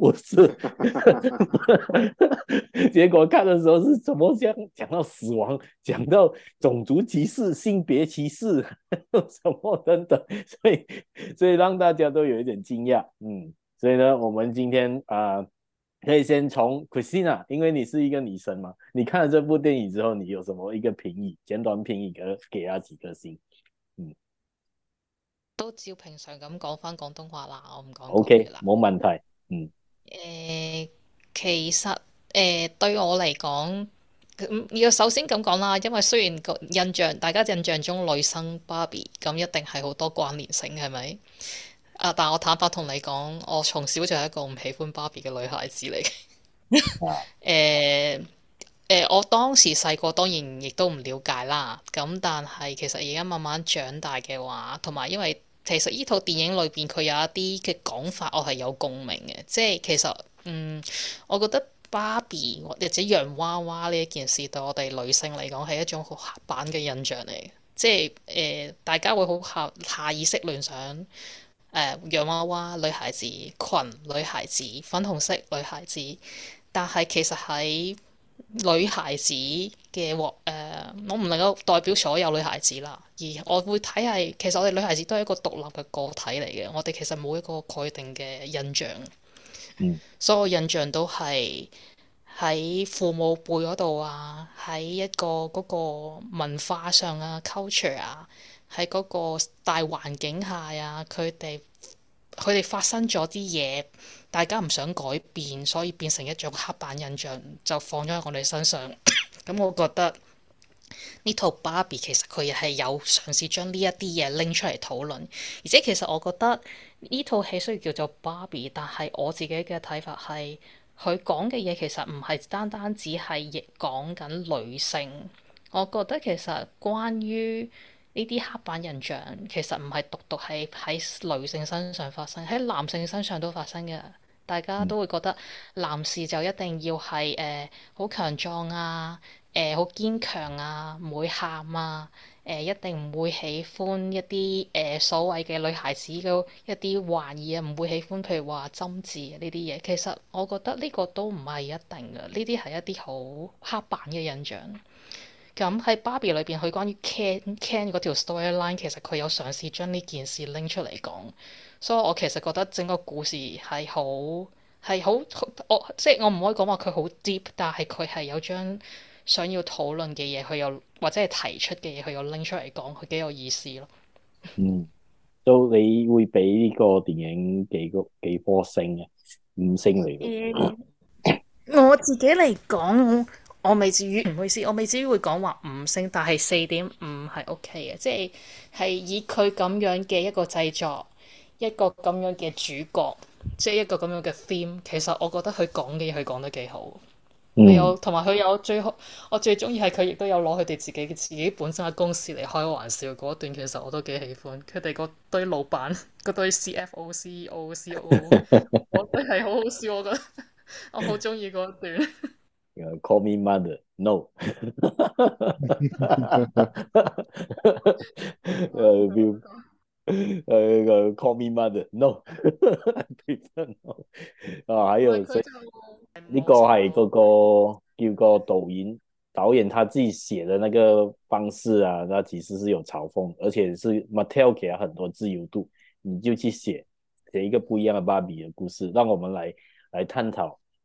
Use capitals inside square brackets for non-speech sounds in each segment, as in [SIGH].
我 [LAUGHS] 不是， [LAUGHS] 結果看的時候是怎麼講，講到死亡，講到種族歧視、性別歧視，什麼等等，所以所以讓大家都有一點驚訝。嗯，所以呢，我們今天啊、呃，可以先從 Christina，因為你是一個女生嘛，你看了這部電影之後，你有什麼一個評語？簡短評語，和給她幾顆星？嗯，都照平常咁講返廣東話啦，我唔講 OK，冇問題。嗯，誒、呃，其實誒、呃，對我嚟講，要首先咁講啦，因為雖然個印象，大家印象中女生芭比咁，一定係好多關聯性，係咪？啊，但我坦白同你講，我從小就係一個唔喜歡芭比嘅女孩子嚟嘅。誒、 [LAUGHS] [LAUGHS] 呃，誒、呃，我當時細個當然亦都唔了解啦，咁但係其實而家慢慢長大嘅話，同埋因為，其實依套電影裏邊佢有一啲嘅講法，我係有共鳴嘅，即係其實嗯，我覺得芭比或者洋娃娃呢一件事對我哋女性嚟講係一種好刻板嘅印象嚟嘅，即係誒、呃、大家會好下下意識聯想誒洋、呃、娃娃、女孩子裙、女孩子粉紅色、女孩子，但係其實喺女孩子嘅、呃、我唔能夠代表所有女孩子啦。而我會睇係，其實我哋女孩子都係一個獨立嘅個體嚟嘅。我哋其實冇一個確定嘅印象。嗯、所所有印象都係喺父母輩嗰度啊，喺一個嗰個文化上啊，culture 啊，喺嗰個大環境下啊，佢哋佢哋發生咗啲嘢。大家唔想改變，所以變成一種刻板印象，就放咗喺我哋身上。咁 [COUGHS] 我覺得呢套芭比其實佢係有嘗試將呢一啲嘢拎出嚟討論，而且其實我覺得呢套戲雖然叫做芭比，但係我自己嘅睇法係佢講嘅嘢其實唔係單單只係講緊女性。我覺得其實關於呢啲刻板印象其實唔係獨獨係喺女性身上發生，喺男性身上都發生㗎。大家都會覺得男士就一定要係誒好強壯啊，誒、呃、好堅強啊，唔會喊啊，誒、呃、一定唔會喜歡一啲誒、呃、所謂嘅女孩子嘅一啲玩意啊，唔會喜歡譬如話針黹呢啲嘢。其實我覺得呢個都唔係一定㗎，呢啲係一啲好刻板嘅印象。咁喺 Barbie 裏邊，佢關於 Ken Ken 嗰條 storyline，其實佢有嘗試將呢件事拎出嚟講，所以我其實覺得整個故事係好係好，我即係我唔可以講話佢好 deep，但係佢係有將想要討論嘅嘢，佢又或者係提出嘅嘢，佢又拎出嚟講，佢幾有意思咯。嗯，都你會俾呢個電影幾個幾顆星嘅？五星嚟嘅。 [LAUGHS] 我自己嚟講，我未至於，唔好意思，我未至於會講話五星，但係四點五係 O K 嘅，即係係以佢咁樣嘅一個製作，一個咁樣嘅主角，即係一個咁樣嘅 theme，其實我覺得佢講嘅嘢佢講得幾好，嗯、佢有同埋佢有最好，我最中意係佢亦都有攞佢哋自己嘅自己本身嘅公司嚟開玩笑嗰一段，其實我都幾喜歡，佢哋嗰堆老闆、嗰堆 C F O、C E O、C E O，我真係好好笑，我覺得我好中意嗰一段。Uh, call me mother，no，呃，view，個 call me mother，no，啊、 [LAUGHS] uh,，還有呢個係嗰個叫個，個抖，抖音導演他自己寫的那個方式啊，那其實是有嘲諷，而且是 Mattel 俾咗很多自由度，你就去寫寫一個不一樣的芭比的故事，讓我們來來探討。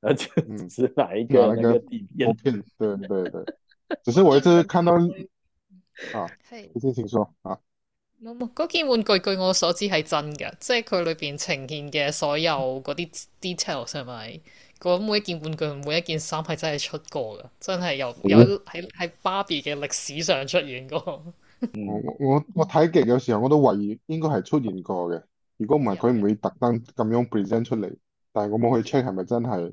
而且， [LAUGHS] 是哪一點、嗯、那個圖片、okay.？對對對， [LAUGHS] 只是我一直看到 [LAUGHS] 啊，你先請說啊。冇冇，嗰件玩具據我所知係真嘅，即係佢裏邊呈現嘅所有嗰啲 details 係咪？每一件玩具，每一件衫係真係出過嘅，真係、嗯、有有喺喺 Barbie 嘅歷史上出現過。 [LAUGHS] 我我我睇極有時候我都懷疑應該係出現過嘅，如果唔係佢唔會特登咁樣 present 出嚟，但係我冇去 check 係咪真係。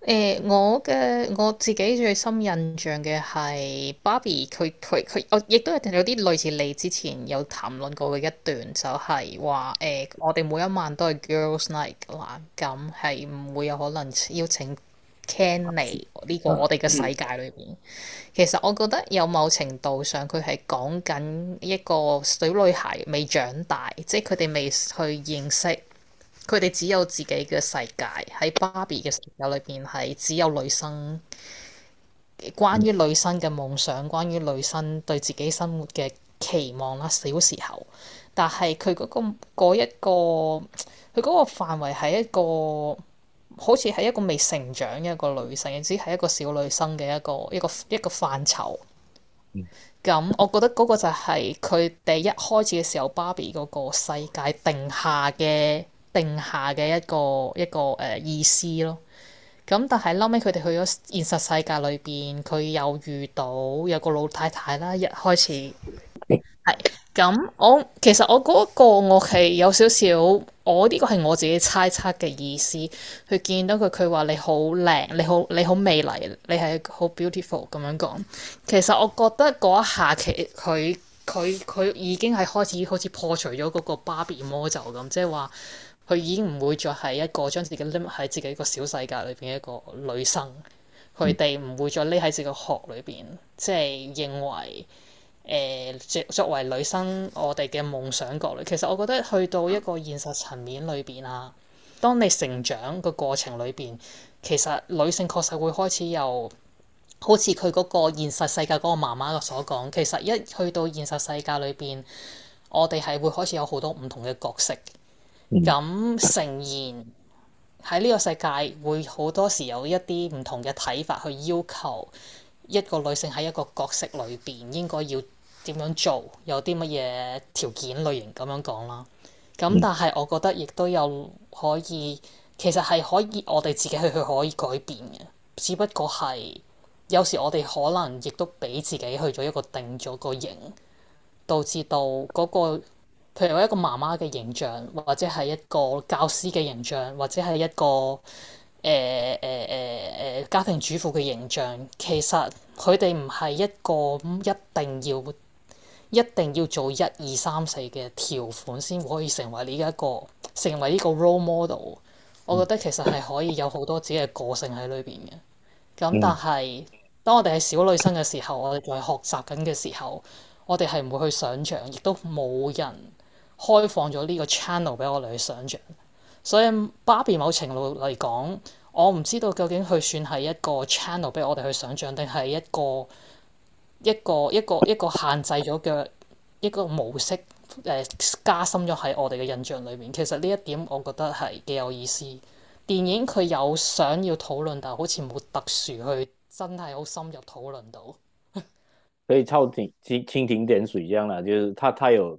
誒、欸，我嘅我自己最深印象嘅係 Barbie 佢佢佢，我亦都係有啲類似你之前有談論過嘅一段，就係話誒，我哋每一晚都係 girls night 啦，咁係唔會有可能邀請 Ken 呢個我哋嘅世界裏邊。其實我覺得有某程度上，佢係講緊一個小女孩未長大，即係佢哋未去認識。佢哋只有自己嘅世界，喺芭比嘅世界裏邊，係只有女生關於女生嘅夢想，關於女生對自己生活嘅期望啦。小時候，但係佢嗰個嗰一個佢嗰個範圍係一個好似係一個未成長嘅一個女性，只係一個小女生嘅一個一個一個範疇。咁，我覺得嗰個就係佢哋一開始嘅時候，芭比嗰個世界定下嘅。定下嘅一個一個誒、呃、意思咯，咁但係後尾，佢哋去咗現實世界裏邊，佢又遇到有個老太太啦，一開始係咁。嗯、我其實我嗰個我係有少少，我呢、這個係我自己猜測嘅意思。佢見到佢，佢話你好靚，你好你好美麗，你係好 beautiful 咁樣講。其實我覺得嗰一下，其佢佢佢已經係開始好似破除咗嗰個芭比魔咒咁，即係話。佢已經唔會再係一個將自己匿喺自己一個小世界裏邊一個女生，佢哋唔會再匿喺自己個殼裏邊，嗯、即係認為誒作、呃、作為女生，我哋嘅夢想角裏，其實我覺得去到一個現實層面裏邊啊，嗯、當你成長個過程裏邊，其實女性確實會開始由好似佢嗰個現實世界嗰個媽媽嘅所講，其實一去到現實世界裏邊，我哋係會開始有好多唔同嘅角色。咁誠然喺呢個世界，會好多時有一啲唔同嘅睇法，去要求一個女性喺一個角色裏面應該要點樣做，有啲乜嘢條件類型咁樣講啦。咁但係我覺得亦都有可以，其實係可以我哋自己去去可以改變嘅，只不過係有時我哋可能亦都俾自己去咗一個定咗個型，導致到嗰個。譬如我一個媽媽嘅形象，或者係一個教師嘅形象，或者係一個、欸欸欸、家庭主婦嘅形象，其實佢哋唔係一個一定要一定要做一二三四嘅條款先可以成為呢、這、一個成為呢個 role model。我覺得其實係可以有好多自己嘅個性喺裏面嘅。咁但係當我哋係小女生嘅時候，我哋仲係學習緊嘅時候，我哋係唔會去想像，亦都冇人。開放咗呢個 channel 俾我哋去想象，所以芭比某程度嚟講，我唔知道究竟佢算係一個 channel 俾我哋去想象，定係一個一個一個一個限制咗嘅一個模式，誒、呃、加深咗喺我哋嘅印象裏面。其實呢一點我覺得係幾有意思。電影佢有想要討論，但係好似冇特殊去真係好深入討論到。 [LAUGHS] 可以抽蜻蜻蜓點水一樣啦，就係佢佢有。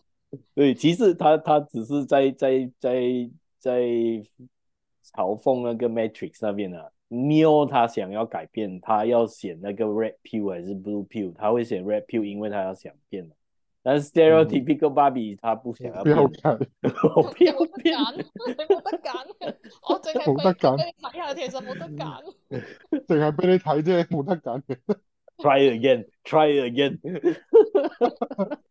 對，其實他他只是在在在在嘲諷那個 Matrix 那邊啦、啊。Neo 他想要改變，他要選那個 Red pill 還是 Blue pill？他會選 Red pill，因為他要想變。但 stereotypical Barbie 他不想要變。嗯、我不要睇， [LAUGHS] 我冇得揀，你冇得揀。我最近俾你睇下，其實冇得揀，淨係俾你睇啫，冇得揀。Try again，try again。Again. [LAUGHS]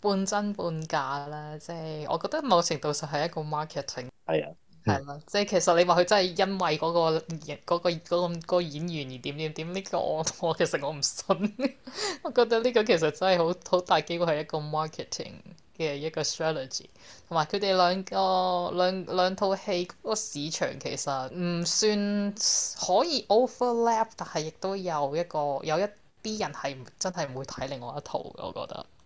半真半假啦，即係我覺得某程度上係一個 marketing 係啊，哎呀，係啦，即係其實你話佢真係因為嗰個嗰個嗰個演員而點點點，呢個我我其實我唔信， [LAUGHS] 我覺得呢個其實真係好好大機會係一個 marketing 嘅一個 strategy，同埋佢哋兩個兩兩套戲個市場其實唔算可以 overlap，但係亦都有一個有一啲人係真係唔會睇另外一套嘅，我覺得。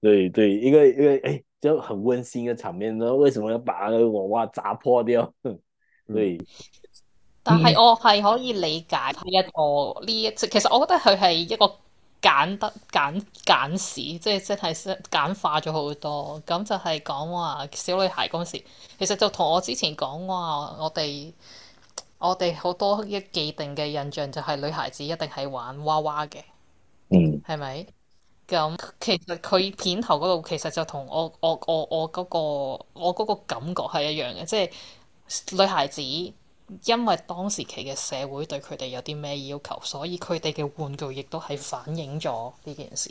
對對，因為因為誒，就很溫馨嘅場面。咁為什麼要把我娃娃砸破掉？對，嗯，但係我係可以理解呢一個呢一，其實我覺得佢係一個簡得簡簡史，即係即係簡化咗好多。咁就係講話小女孩嗰陣時，其實就同我之前講話，我哋我哋好多一既定嘅印象就係女孩子一定係玩娃娃嘅，嗯，係咪？咁其實佢片頭嗰度其實就同我我我我嗰個我嗰個感覺係一樣嘅，即係女孩子因為當時期嘅社會對佢哋有啲咩要求，所以佢哋嘅玩具亦都係反映咗呢件事。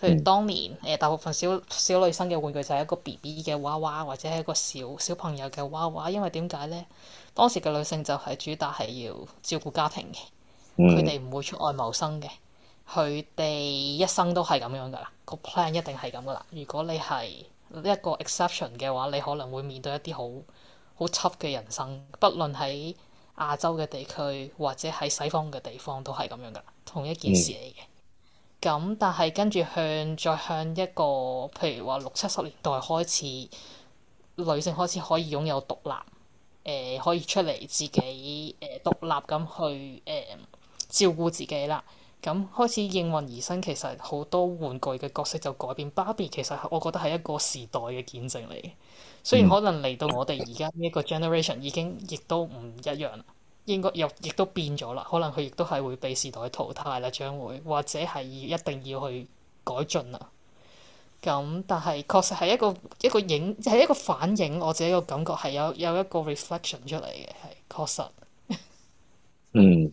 譬如當年誒，嗯，大部分小小女生嘅玩具就係一個 BB 嘅娃娃，或者係一個小小朋友嘅娃娃，因為點解咧？當時嘅女性就係主打係要照顧家庭嘅，佢哋唔會出外謀生嘅。佢哋一生都係咁樣噶啦，個 plan 一定係咁噶啦。如果你係一個 exception 嘅話，你可能會面對一啲好好 tough 嘅人生。不論喺亞洲嘅地區或者喺西方嘅地方，都係咁樣噶啦，同一件事嚟嘅。咁但係跟住向再向一個，譬如話六七十年代開始，女性開始可以擁有獨立，誒、呃、可以出嚟自己誒、呃、獨立咁去誒、呃、照顧自己啦。咁開始應運而生，其實好多玩具嘅角色就改變。芭比其實我覺得係一個時代嘅見證嚟嘅，雖然可能嚟到我哋而家呢一個 generation 已經亦都唔一樣啦，應該又亦都變咗啦，可能佢亦都係會被時代淘汰啦，將會或者係要一定要去改進啦。咁但係確實係一個一個影係一個反映，我自己個感覺係有有一個 reflection 出嚟嘅，係確實。嗯。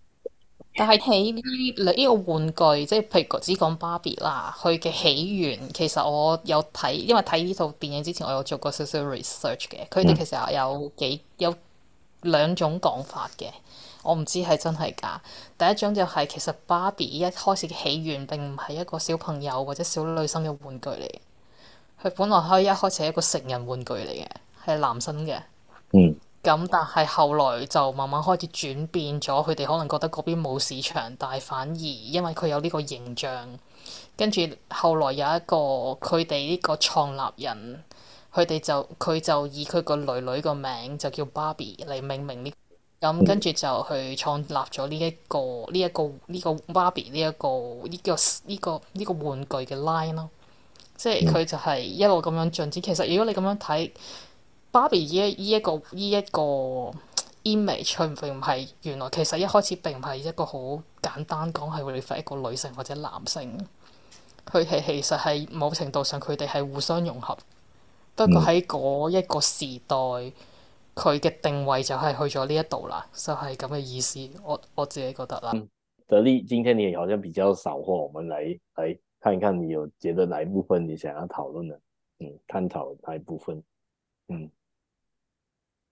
但係喺呢呢個玩具，即係譬如講只講芭比啦，佢嘅起源其實我有睇，因為睇呢套電影之前，我有做過少少 research 嘅。佢哋其實有有幾有兩種講法嘅，我唔知係真係假。第一種就係其實芭比一開始嘅起源並唔係一個小朋友或者小女生嘅玩具嚟嘅，佢本來可以一開始係一個成人玩具嚟嘅，係男生嘅。嗯。咁但係後來就慢慢開始轉變咗，佢哋可能覺得嗰邊冇市場，但係反而因為佢有呢個形象，跟住後來有一個佢哋呢個創立人，佢哋就佢就以佢個囡囡個名就叫芭比嚟命名呢，咁跟住就去創立咗呢一個呢一個呢個芭比呢一個呢個呢個呢個玩具嘅 line 咯，即係佢就係一路咁樣進展。其實如果你咁樣睇。芭比依一依一個依一、這個 image，佢並唔係原來其實一開始並唔係一個好簡單講係會分一個女性或者男性，佢係其實係某程度上佢哋係互相融合。不過喺嗰一個時代，佢嘅定位就係去咗呢一度啦，就係咁嘅意思。我我自己覺得啦、嗯。德呢，今天你好像比較受控，我們來來看一看，你有覺得哪一部分你想要討論啊？嗯，探討哪一部分？嗯。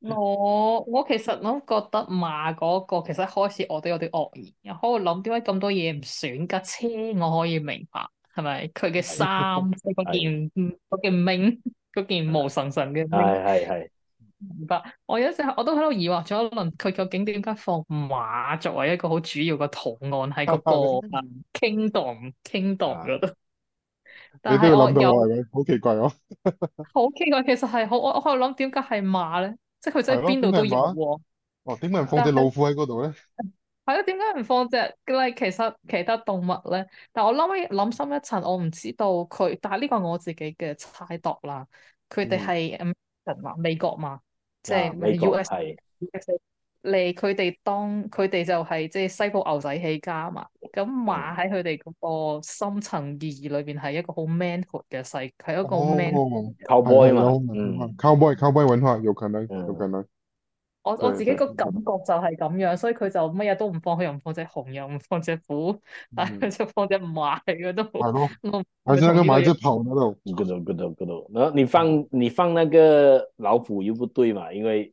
我我其實我都覺得馬嗰個其實一開始我都有啲愕然，又喺度諗點解咁多嘢唔選架車。我可以明白，係咪？佢嘅衫嗰件，的件名，嗰的件毛神神嘅，係係係，明白。的我有時候我都喺度疑惑咗一輪，佢究竟點解放馬作為一個好主要嘅圖案喺、那個布，傾蕩傾蕩，King Dom, King Dom 但我都。你都要諗到好有奇怪哦，好 [LAUGHS] 奇怪，其實係好，我喺度諗點解係馬咧？即佢真係邊度都有喎，哦，點解唔放隻老虎喺嗰度咧？係啊，點解唔放隻？例如其實其他動物咧，但我諗起，諗深一層，我唔知道佢，但係呢個我自己嘅猜度啦。佢哋係 American 美國嘛？嗯、即係 US 係 US。嚟佢哋當佢哋就係、是、即係西部牛仔起家啊嘛，咁馬喺佢哋嗰個深層意義裏邊係一個好 man 嘅世，係、oh, 一個 man cowboy 嘛。Cowboy，cowboy 揾下肉裙我對我自己個感覺就係咁樣，所以佢就乜嘢都唔放，佢又唔放隻熊，又唔放隻虎，uh huh. 但佢就放隻馬喺度。係咯、uh。喺度買隻熊喺度。嗰度嗰度嗰度，那你放你放那個老虎又唔對嘛，因為。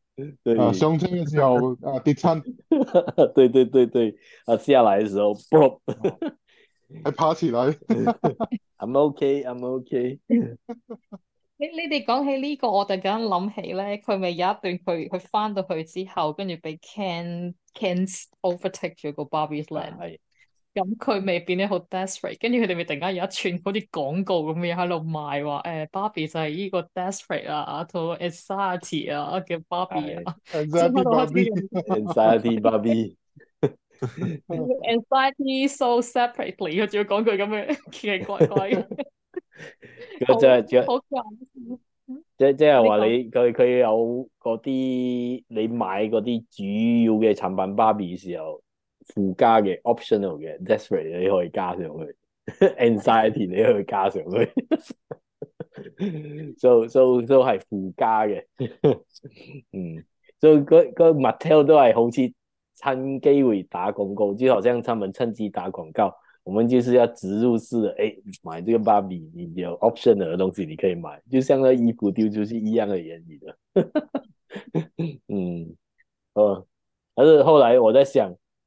啊對、uh, 上車嘅時候啊跌親，對對對對，啊下來嘅時候，pop，party like，I'm OK I'm OK， [LAUGHS] 你你哋講起呢、這個，我突然間諗起咧，佢咪有一段佢佢翻到去之後，跟住俾 Ken Ken overtake 咗個 Barbie Land。 [LAUGHS] 咁佢未變得好 desperate，跟住佢哋咪突然間有一串好似廣告咁嘅嘢喺度賣，話誒芭比就係依個 desperate 啊，同 anxiety 啊，我嘅芭比啊，咁啊，芭比 anxiety 芭比 anxiety so separately，佢仲要講句咁嘅奇奇怪怪嘅，好怪事、 [LAUGHS] 啊啊，即即係話你佢佢說有嗰啲你買嗰啲主要嘅產品芭比嘅時候。附加嘅 optional 嘅 desperate 你可以加上去，anxiety 你可以加上去，so so so 係附加嘅， [LAUGHS] 嗯，所、so, 以嗰嗰 Mattel 都係好似趁機會打廣告，就好像他們趁機打廣告，我們就是要植入式，誒、欸，買呢個芭比，你有 optional 嘅東西你可以買，就像個衣服丟出去一樣嘅原理嘅， [LAUGHS] 嗯，哦、呃，但是後來我在想。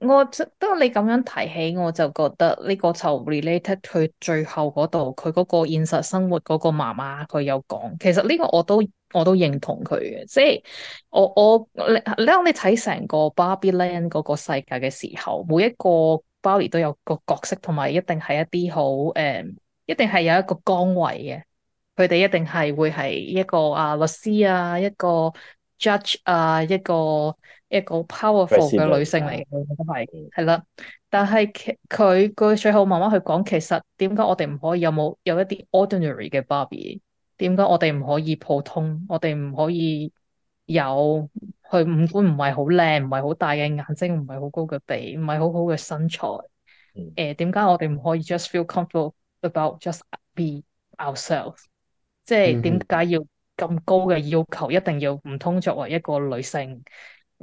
我就不過你咁樣提起，我就覺得呢個就 related 佢最後嗰度，佢嗰個現實生活嗰個媽媽佢有講，其實呢個我都我都認同佢嘅，即係我我你當你睇成個 Barbie Land 嗰個世界嘅時候，每一個 Barbie 都有個角色，同埋一定係一啲好誒，一定係有一個崗位嘅，佢哋一定係會係一個啊律師啊，一個 judge 啊，一個。一個 powerful 嘅女性嚟嘅，都係係啦。但係佢佢最後慢慢去講，其實點解我哋唔可以有冇有，有一啲 ordinary 嘅 Barbie？點解我哋唔可以普通？我哋唔可以有佢五官唔係好靚，唔係好大嘅眼睛，唔係好高嘅鼻，唔係好好嘅身材？誒、嗯，點解我哋唔可以 just feel comfortable about just be ourselves？即係點解要咁高嘅要求？一定要唔通作為一個女性？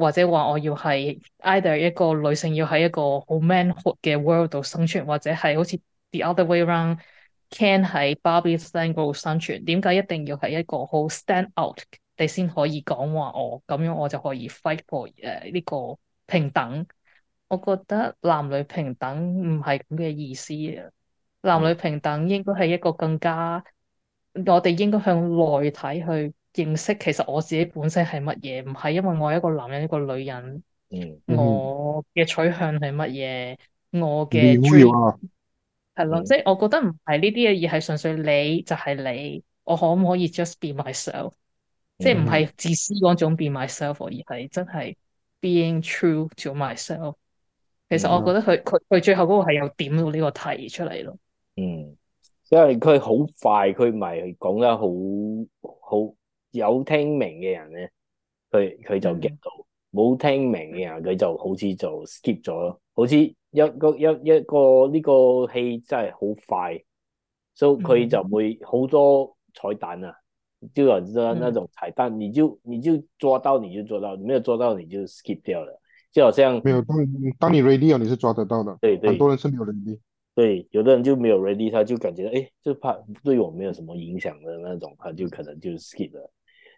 或者話我要係 either 一個女性要喺一個好 manhood 嘅 world 度生存，或者係好似 the other way around，can 喺 Barbie style a 生存？點解一定要係一個好 stand out？你先可以講話我咁樣我就可以 fight for 誒、uh, 呢個平等。我覺得男女平等唔係咁嘅意思，男女平等應該係一個更加我哋應該向內睇去。認識其實我自己本身係乜嘢，唔係因為我係一個男人、一個女人，嗯、我嘅取向係乜嘢，我嘅係咯，即係吧、嗯、我覺得唔係呢啲嘢，而係純粹你就係你，我可唔可以 just be myself？即係唔係自私嗰種 be myself，而係真係 being true to myself。其實我覺得佢佢佢最後嗰個係有點到呢個題出嚟咯。嗯，因為佢好快，佢咪講得好好。有聽明嘅人咧，佢佢就 get 到、嗯；冇聽明嘅人，佢就好似就 skip 咗咯。嗯、好似一個一、嗯、一個呢個戲真係好快，嗯、所以佢就會好多彩蛋啊，就係那種彩蛋。嗯、你就你就抓到你就抓到，你抓到你沒有抓到你就 skip 掉了。就好像沒有當，當你 ready 啊，你是抓得到的。對對，對很多人是沒有 ready。對，有的人就沒有 ready，他就感覺誒，就怕對我沒有什麼影響的那種，他就可能就 skip 了。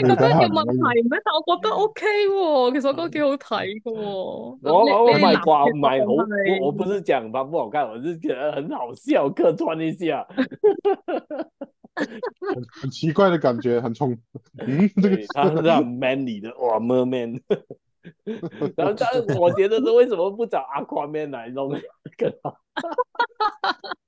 你覺得有問題咩？但我覺得 O K 喎，其實嗰個幾好睇嘅、哦。 [MUSIC] 我買我唔係掛唔係好，我不是講佢不好看，我是覺得很好笑，客串一下 [LAUGHS] [LAUGHS] 很。很奇怪的感覺，很衝。嗯， [LAUGHS] 這個他係很 man 的，哇、哦、merman。然後 [LAUGHS] 但是我覺得，是為什麼不找阿夸 man 來弄更好？ [LAUGHS]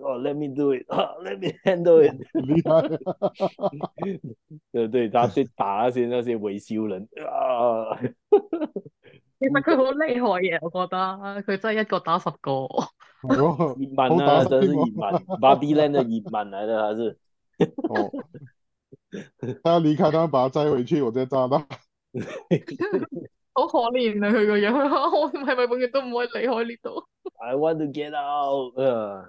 哦，let me do it，let me handle it。離開。對對，他去打那些那些維修人。其實佢好厲害嘅，我覺得佢真係一個打十個。移民啊，真係移民。Barbie Land 嘅移民嚟的還是？哦，他要離開，他要把它摘回去，我再炸他。好可憐啊，佢個樣。我係咪永遠都唔可以離開呢度？I want to get out。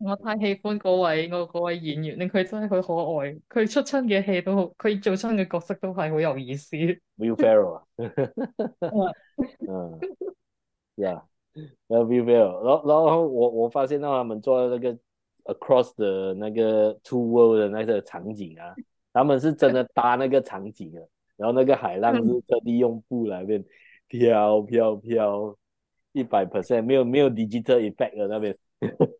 我太喜歡嗰位我嗰位演員咧，佢真係好可愛。佢出親嘅戲都好，佢做親嘅角色都係好有意思。Will Ferrell 啊，嗯、 [LAUGHS] [LAUGHS] uh,，yeah，啊 Will Ferrell 然後然後我我發現到，佢哋做那個 Across the, 那個的那個 Two World 的那些場景啊，佢哋係真的搭那個場景啊， [LAUGHS] 然後那個海浪係特地用布嚟飄飄飄一百 percent，冇有，冇有 digital effect 嘅嗰邊。 [LAUGHS]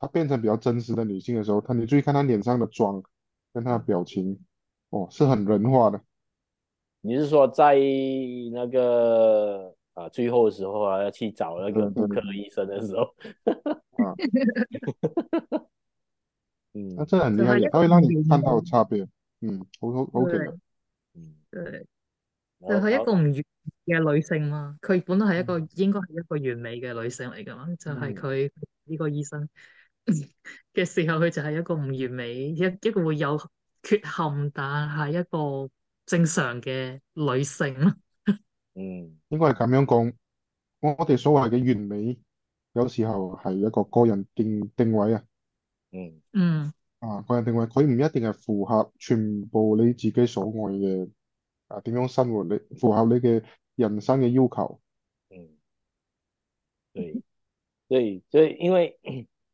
她變成比較真實的女性的時候，她你注意看她臉上的妝跟她的表情，哦，是很人化的。你是說在那個啊最後的時候啊要去找那個婦科醫生的時候？嗯，那真很厲害，它可以讓你看到的差別。嗯，好好好，嗯、okay 了，對，就係、是、一個唔完美嘅女性嘛，佢本來係一個、嗯、應該係一個完美嘅女性嚟噶嘛，就係佢呢個醫生。嘅時候，佢就係一個唔完美，一一個會有缺陷，但係一個正常嘅女性咯。嗯，應該係咁樣講。我我哋所謂嘅完美，有時候係一個個人定定位啊。嗯。嗯。啊，個人定位，佢唔一定係符合全部你自己所愛嘅啊，點樣生活，你符合你嘅人生嘅要求。嗯對。對，所以所以因為。 [COUGHS]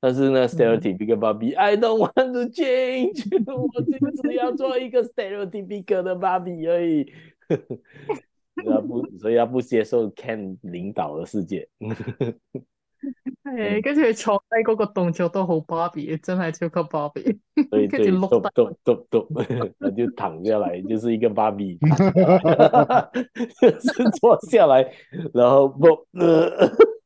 但是呢，stereotypical Barbie，I don't want to change。我就只要做一個 stereotypical 的芭比而已。佢不，所以佢不接受 Ken 領導的世界。係，跟住佢坐低嗰個動作都好芭比，真係超級芭比。跟住碌，碌，碌，碌，佢就躺下來，就是一個芭比。坐下來，然後碌。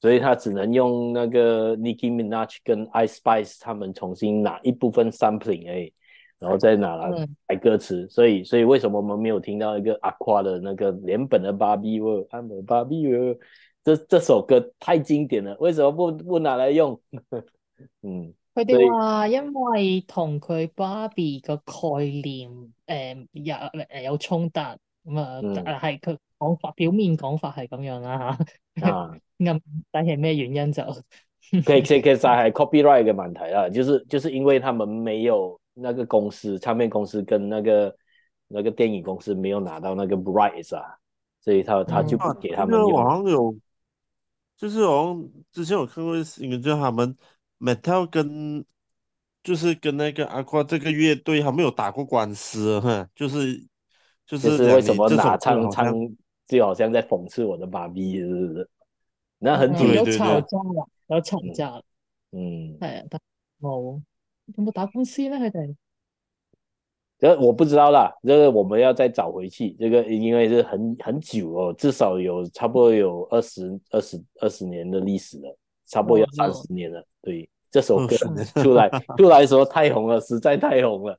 所以他只能用那個 Nicki Minaj 跟 Ice Spice 他們重新拿一部分 sampling 哎，然後再拿來改歌詞。所以，所以為什麼我們沒有聽到一個 Aqua 的那個連本的 Barbie word, Barbie Barbie 這這首歌太經典了，為什麼不不拿來用？嗯，佢哋話因為同佢 Barbie 嘅概念誒、嗯、有誒有衝突咁、嗯、啊，係佢講法表面講法係咁樣啦吓。暗底係有原因就？可 [LAUGHS] 以，okay, okay, okay. right，可以，copyright 滿台就是，就是因為他們沒有那個公司，唱片公司跟那個那個電影公司沒有拿到那個 rights 啊，所以他，他就不給他們用。嗯啊，就是之前我看過一個，就他們 Mattel 跟，就是跟那個 Aqua 這個樂隊，他沒有打過官司，就是，就是，就是為什麼拿唱唱，就好像在諷刺我的媽咪是不是？那很久，對對對有酬金啊，有吵架了嗯。嗯，係啊、哎，冇有冇打官司呢？還哋，這我不知道啦，這個我們要再找回去，這個因為是很很久哦，至少有差不多有二十、二十、二十年的歷史了，差不多有三十年了。哦、對，這首歌出來 [LAUGHS] 出來的時候太紅了，實在太紅了。